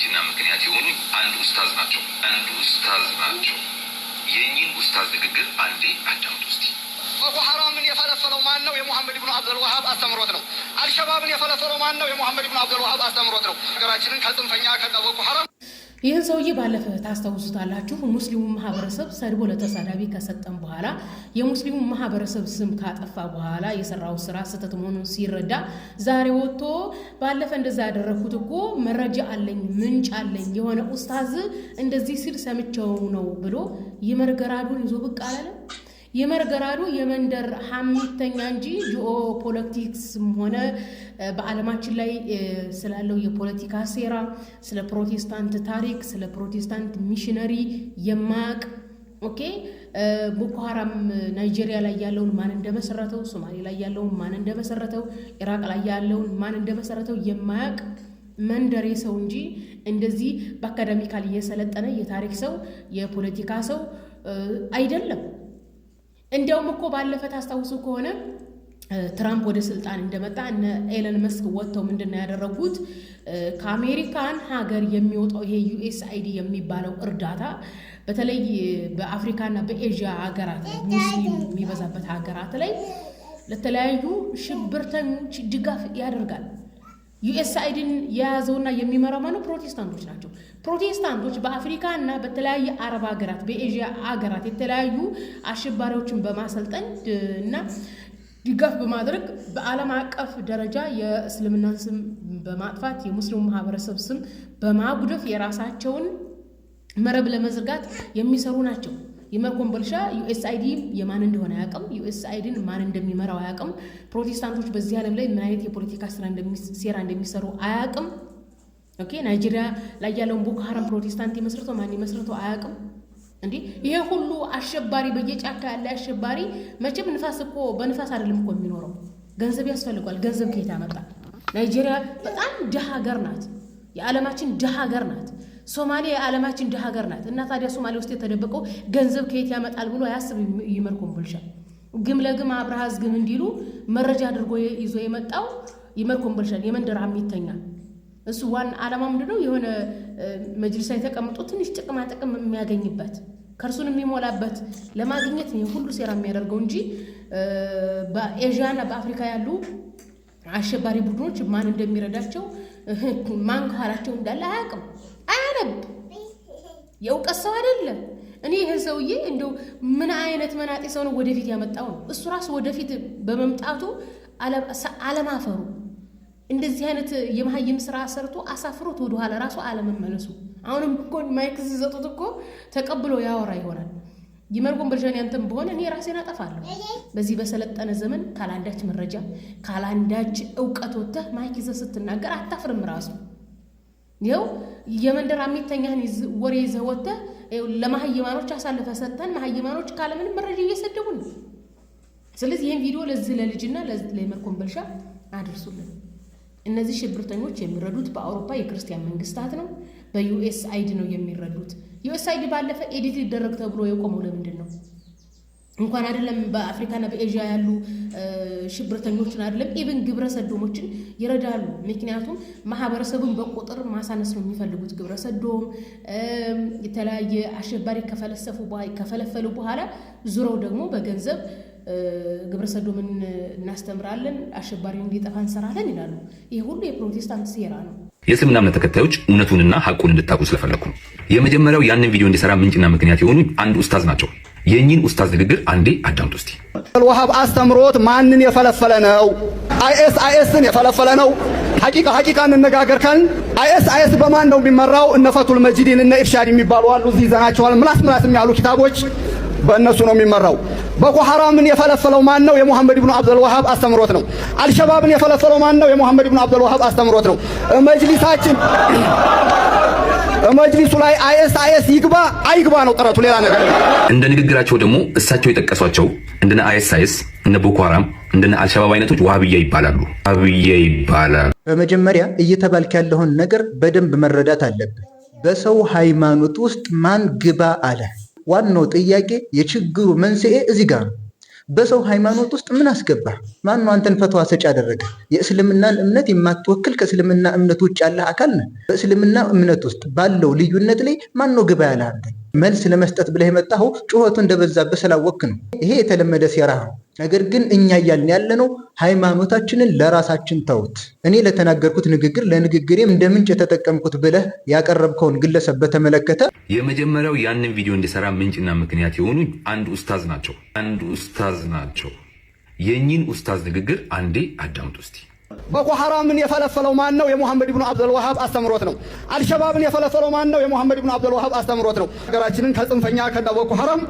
እርጅና ምክንያት የሆኑ አንድ ኡስታዝ ናቸው። አንድ ኡስታዝ ናቸው። የእኚህን ኡስታዝ ንግግር አንዴ አዳምጡ እስቲ። ቦኮ ሐራምን የፈለፈለው ማን ነው? የሙሐመድ ብኑ አብዱልዋሃብ አስተምሮት ነው። አልሸባብን የፈለፈለው ማን ነው? የሙሐመድ ብኑ አብዱልዋሃብ አስተምሮት ነው። ሀገራችንን ከጽንፈኛ ከቦኮ ሐራም ይህን ሰውዬ ባለፈ ታስታውሱታላችሁ። ሙስሊሙ ማህበረሰብ ሰድቦ ለተሳዳቢ ከሰጠን በኋላ የሙስሊሙ ማህበረሰብ ስም ካጠፋ በኋላ የሰራው ስራ ስህተት መሆኑን ሲረዳ ዛሬ ወጥቶ ባለፈ እንደዛ ያደረግኩት እኮ መረጃ አለኝ፣ ምንጭ አለኝ፣ የሆነ ኡስታዝ እንደዚህ ሲል ሰምቸው ነው ብሎ ይመርገራሉን ይዞ ብቅ አላለም። የመርገራዱ የመንደር ሀሚተኛ እንጂ ጂኦ ፖለቲክስም ሆነ በዓለማችን ላይ ስላለው የፖለቲካ ሴራ፣ ስለ ፕሮቴስታንት ታሪክ፣ ስለ ፕሮቴስታንት ሚሽነሪ የማያቅ ኦኬ ቦኮ ሀራም ናይጄሪያ ላይ ያለውን ማን እንደመሰረተው፣ ሶማሌ ላይ ያለውን ማን እንደመሰረተው፣ ኢራቅ ላይ ያለውን ማን እንደመሰረተው የማያቅ መንደሬ ሰው እንጂ እንደዚህ በአካዳሚካል የሰለጠነ የታሪክ ሰው የፖለቲካ ሰው አይደለም። እንዲያውም እኮ ባለፈ ታስታውሱ ከሆነ ትራምፕ ወደ ስልጣን እንደመጣ እነ ኤለን መስክ ወጥተው ምንድን ነው ያደረጉት? ከአሜሪካን ሀገር የሚወጣው ይሄ ዩኤስ አይዲ የሚባለው እርዳታ በተለይ በአፍሪካና በኤዥያ ሀገራት ሙስሊም የሚበዛበት ሀገራት ላይ ለተለያዩ ሽብርተኞች ድጋፍ ያደርጋል። ዩኤስአይድን የያዘውና የሚመራው ማነው? ፕሮቴስታንቶች ናቸው። ፕሮቴስታንቶች በአፍሪካ እና በተለያየ አረብ ሀገራት፣ በኤዥያ ሀገራት የተለያዩ አሸባሪዎችን በማሰልጠን እና ድጋፍ በማድረግ በዓለም አቀፍ ደረጃ የእስልምናን ስም በማጥፋት የሙስሊሙ ማህበረሰብ ስም በማጉደፍ የራሳቸውን መረብ ለመዝርጋት የሚሰሩ ናቸው። ይመር ኮምቦልቻ ዩኤስአይዲ የማን እንደሆነ አያውቅም። ዩኤስአይዲን ማን እንደሚመራው አያውቅም። ፕሮቴስታንቶች በዚህ ዓለም ላይ ምን አይነት የፖለቲካ ሴራ እንደሚሰሩ አያውቅም። ኦኬ ናይጄሪያ ላይ ያለውን ቦኮ ሀራም ፕሮቴስታንት የመስርተው ማን የመስርተው አያውቅም። እንዴ ይሄ ሁሉ አሸባሪ በየጫካ ያለ አሸባሪ መቼም ንፋስ እኮ በንፋስ አይደለም እኮ የሚኖረው ገንዘብ ያስፈልጓል። ገንዘብ ከየት ያመጣል? ናይጄሪያ በጣም ድሃ ሀገር ናት። የዓለማችን ድሃ ሀገር ናት። ሶማሌ የዓለማችን እንደ ሀገር ናት እና ታዲያ ሶማሌ ውስጥ የተደበቀው ገንዘብ ከየት ያመጣል ብሎ አያስብ ይመርኮም ብልሻ ግም ለግም አብርሃዝ ግም እንዲሉ መረጃ አድርጎ ይዞ የመጣው ይመርኮም ብልሻል የመንደር አሚተኛ እሱ ዋና ዓላማ ምንድነው? የሆነ መጅልስ ላይ ተቀምጦ ትንሽ ጥቅማ ጥቅም የሚያገኝበት ከእርሱን የሚሞላበት ለማግኘት ሁሉ ሴራ የሚያደርገው እንጂ በኤዥያና በአፍሪካ ያሉ አሸባሪ ቡድኖች ማን እንደሚረዳቸው ማን ከኋላቸው እንዳለ አያውቅም። ልብ የእውቀት ሰው አይደለም። እኔ ይህን ሰውዬ እንደው ምን አይነት መናጤ ሰው ነው ወደፊት ያመጣው ነው። እሱ ራሱ ወደፊት በመምጣቱ አለማፈሩ እንደዚህ አይነት የመሀይም ስራ ሰርቶ አሳፍሮት ወደኋላ ራሱ አለመመለሱ። አሁንም እኮ ማይክ ሲሰጡት እኮ ተቀብሎ ያወራ ይሆናል። ይመርጎን በርሻን ያንተም በሆነ እኔ ራሴን አጠፋለሁ። በዚህ በሰለጠነ ዘመን ካላንዳች መረጃ ካላንዳች እውቀት ወጥተህ ማይክ ይዘህ ስትናገር አታፍርም ራሱ ይኸው የመንደር አሚተኛህን ወሬ ይዘህ ወጥተህ አሳልፈ ሰጥተን መሀይማኖች ካለምንም መረጃ እየሰደቡ ነው። ስለዚህ ይህን ቪዲዮ ለዚህ ለልጅና በልሻ አድርሱልን። እነዚህ ሽብርተኞች የሚረዱት በአውሮፓ የክርስቲያን መንግስታት ነው፣ በዩኤስ አይዲ ነው የሚረዱት። ዩኤስ አይዲ ባለፈ ኤዲት ሊደረግ ተብሎ የቆመው ለምንድን ነው? እንኳን አይደለም በአፍሪካና በኤዥያ ያሉ ሽብርተኞችን አይደለም ኢቨን ግብረ ሰዶሞችን ይረዳሉ። ምክንያቱም ማህበረሰቡን በቁጥር ማሳነስ ነው የሚፈልጉት። ግብረ ሰዶም የተለያየ አሸባሪ ከፈለሰፉ ከፈለፈሉ በኋላ ዙረው ደግሞ በገንዘብ ግብረ ሰዶምን እናስተምራለን፣ አሸባሪ እንዲጠፋ እንሰራለን ይላሉ። ይህ ሁሉ የፕሮቴስታንት ሴራ ነው። የእስልምና እምነት ተከታዮች እውነቱንና ሀቁን እንድታቁ ስለፈለግኩ ነው። የመጀመሪያው ያንን ቪዲዮ እንዲሰራ ምንጭና ምክንያት የሆኑ አንድ ኡስታዝ ናቸው። የእኚህን ኡስታዝ ንግግር አንዴ አዳምጡ እስቲ። አስተምሮት ማንን የፈለፈለ ነው? አይኤስ አይኤስን የፈለፈለ ነው። ሐቂቃ ሐቂቃ እንነጋገር ካልን አይኤስ አይኤስ በማን ነው የሚመራው? እነ ፈቱል መጂዲን እነ ኢርሻድ የሚባሉ አሉ። እዚህ ይዘናቸዋል። ምላስ ምላስ የሚያሉ ኪታቦች በእነሱ ነው የሚመራው። ቦኮ ሐራምን የፈለፈለው ማን ነው? የሙሐመድ አብዱል ወሃብ አስተምሮት ነው። አልሸባብን የፈለፈለው ማን ነው? የሙሐመድ አብዱል ወሃብ አስተምሮት ነው። መጅሊሳችን መጅሊሱ ላይ አይኤስ አይኤስ ይግባ አይግባ ነው ጥረቱ፣ ሌላ ነገር እንደ ንግግራቸው ደግሞ እሳቸው የጠቀሷቸው እንደነ አይኤስ አይኤስ እነ ቦኮ ሐራም እንደነ አልሸባብ አይነቶች ዋህብያ ይባላሉ። ዋህብያ ይባላል። በመጀመሪያ እየተባልክ ያለውን ነገር በደንብ መረዳት አለብን። በሰው ሃይማኖት ውስጥ ማን ግባ አለ? ዋናው ጥያቄ የችግሩ መንስኤ እዚህ ጋር ነው። በሰው ሃይማኖት ውስጥ ምን አስገባ? ማን ነው አንተን ፈትዋ ሰጪ ያደረገ? የእስልምናን እምነት የማትወክል ከእስልምና እምነት ውጭ ያለህ አካል ነህ። በእስልምና እምነት ውስጥ ባለው ልዩነት ላይ ማን ነው ግባ ያለ? አንተ መልስ ለመስጠት ብለህ የመጣኸው ጩኸቱ እንደበዛብህ ስላወክ ነው። ይሄ የተለመደ ሴራ ነው። ነገር ግን እኛ እያልን ያለ ነው ሃይማኖታችንን ለራሳችን ተውት። እኔ ለተናገርኩት ንግግር ለንግግሬ እንደ ምንጭ የተጠቀምኩት ብለህ ያቀረብከውን ግለሰብ በተመለከተ የመጀመሪያው ያንን ቪዲዮ እንዲሰራ ምንጭና ምክንያት የሆኑ አንድ ኡስታዝ ናቸው። አንድ ኡስታዝ ናቸው። የእኚህን ኡስታዝ ንግግር አንዴ አዳምጡ እስቲ። ቦኮ ሐራምን የፈለፈለው ማን ነው? የሙሐመድ ብኑ አብዱልዋሃብ አስተምሮት ነው። አልሸባብን የፈለፈለው ማን ነው? የሙሐመድ ብኑ አብዱልዋሃብ አስተምሮት ነው። ሀገራችንን ከጽንፈኛ ከነ ቦኮ ሐራም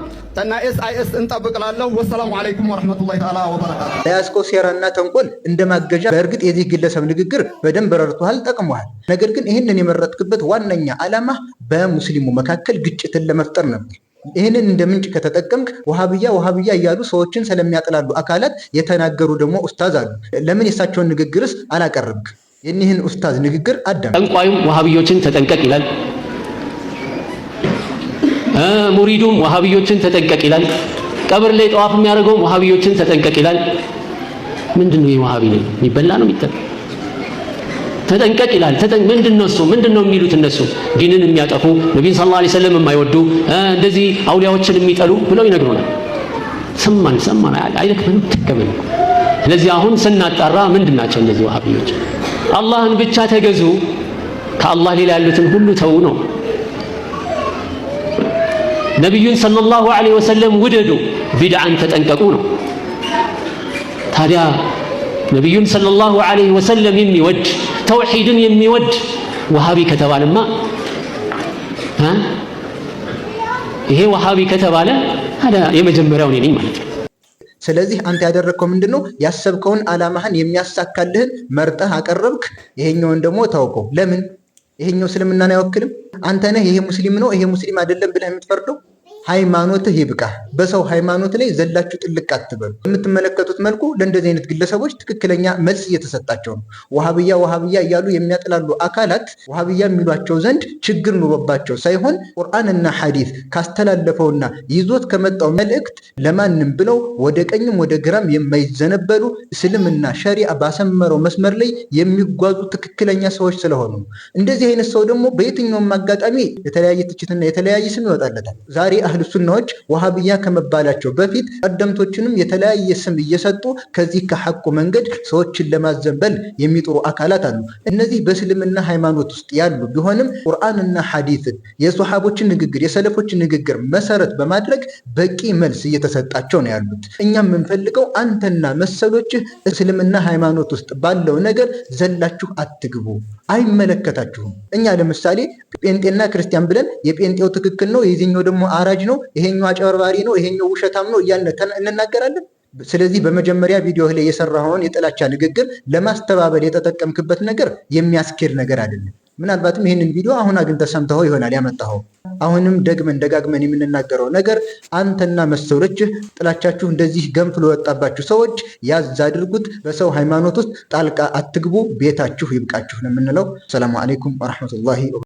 እና ኤስአይኤስ እንጠብቅላለሁ። ወሰላሙ አለይኩም ወረሕመቱላሂ ተዓላ ወበረካቱ። ለያስቆ ሴራና ተንኮል እንደ ማገዣ በእርግጥ የዚህ ግለሰብ ንግግር በደንብ ረድቶሃል፣ ጠቅሞሃል። ነገር ግን ይህንን የመረጥክበት ዋነኛ ዓላማ በሙስሊሙ መካከል ግጭትን ለመፍጠር ነበር። ይህንን እንደ ምንጭ ከተጠቀምክ ውሃብያ ውሃብያ እያሉ ሰዎችን ስለሚያጥላሉ አካላት የተናገሩ ደግሞ ኡስታዝ አሉ። ለምን የእሳቸውን ንግግርስ አላቀረብክ? የኒህን ኡስታዝ ንግግር አዳም ጠንቋዩም ውሃብዮችን ተጠንቀቅ ይላል፣ ሙሪዱም ውሃብዮችን ተጠንቀቅ ይላል፣ ቀብር ላይ ጠዋፍ የሚያደርገውም ውሃብዮችን ተጠንቀቅ ይላል። ምንድን ነው ይህ ውሃቢ ነው? የሚበላ ነው የሚጠ ተጠንቀቅ ይላል። ምንድን ነው እሱ? ምንድን ነው የሚሉት እነሱ? ዲንን የሚያጠፉ ነቢን ሰለላሁ ዐለይሂ ወሰለም የማይወዱ እንደዚህ አውሊያዎችን የሚጠሉ ብለው ይነግሩናል። ሰማን ሰማን አይደክመንም? ትከመን። ስለዚህ አሁን ስናጣራ ምንድን ናቸው እነዚህ ወሃቢዎች? አላህን ብቻ ተገዙ፣ ከአላህ ሌላ ያሉትን ሁሉ ተው ነው። ነቢዩን ሰለላሁ ዐለይሂ ወሰለም ውደዱ፣ ቢድዓን ተጠንቀቁ ነው ታዲያ ነቢዩን ሰለላሁ ዐለይሂ ወሰለም የሚወድ ተውሒድን የሚወድ ወሃቢ ከተባለማ ይሄ ወሃቢ ከተባለ የመጀመሪያው እኔ ነኝ ማለት ነው። ስለዚህ አንተ ያደረግከው ምንድን ነው? ያሰብከውን አላማህን የሚያሳካልህን መርጠህ አቀረብክ። ይሄኛውን ደግሞ ታውቀው ለምን ይሄኛው እስልምናን አይወክልም? አንተ ነህ ይሄ ሙስሊም ነው ይሄ ሙስሊም አይደለም ብለህ የምትፈርደው ሃይማኖትህ ይብቃ። በሰው ሃይማኖት ላይ ዘላችሁ ጥልቅ አትበሉ። የምትመለከቱት መልኩ ለእንደዚህ አይነት ግለሰቦች ትክክለኛ መልስ እየተሰጣቸው ነው። ውሃብያ ውሃብያ እያሉ የሚያጥላሉ አካላት ውሃብያ የሚሏቸው ዘንድ ችግር ኑሮባቸው ሳይሆን ቁርአንና ሐዲስ ካስተላለፈውና ይዞት ከመጣው መልእክት ለማንም ብለው ወደ ቀኝም ወደ ግራም የማይዘነበሉ እስልምና ሸሪዓ ባሰመረው መስመር ላይ የሚጓዙ ትክክለኛ ሰዎች ስለሆኑ እንደዚህ አይነት ሰው ደግሞ በየትኛውም አጋጣሚ የተለያየ ትችትና የተለያየ ስም ይወጣለታል ዛሬ አህል ሱናዎች ወሃብያ ከመባላቸው በፊት ቀደምቶችንም የተለያየ ስም እየሰጡ ከዚህ ከሐቁ መንገድ ሰዎችን ለማዘንበል የሚጥሩ አካላት አሉ። እነዚህ በእስልምና ሃይማኖት ውስጥ ያሉ ቢሆንም ቁርአንና ሐዲትን የሶሐቦችን ንግግር፣ የሰለፎችን ንግግር መሰረት በማድረግ በቂ መልስ እየተሰጣቸው ነው ያሉት። እኛም የምንፈልገው አንተና መሰሎችህ እስልምና ሃይማኖት ውስጥ ባለው ነገር ዘላችሁ አትግቡ፣ አይመለከታችሁም። እኛ ለምሳሌ ጴንጤና ክርስቲያን ብለን የጴንጤው ትክክል ነው የዚህኛው ደግሞ አራ አዋላጅ ነው፣ ይሄኛው አጨበርባሪ ነው፣ ይሄኛው ውሸታም ነው እያልን እንናገራለን። ስለዚህ በመጀመሪያ ቪዲዮ ላይ የሰራኸውን የጥላቻ ንግግር ለማስተባበል የተጠቀምክበት ነገር የሚያስኬድ ነገር አይደለም። ምናልባትም ይህንን ቪዲዮ አሁን አግኝተህ ሰምተኸው ይሆናል ያመጣኸው። አሁንም ደግመን ደጋግመን የምንናገረው ነገር አንተና መሰሎችህ ጥላቻችሁ እንደዚህ ገንፍሎ ወጣባችሁ ሰዎች ያዝ አድርጉት፣ በሰው ሃይማኖት ውስጥ ጣልቃ አትግቡ፣ ቤታችሁ ይብቃችሁ ነው የምንለው። ሰላሙ አሌይኩም ወረሕመቱላሂ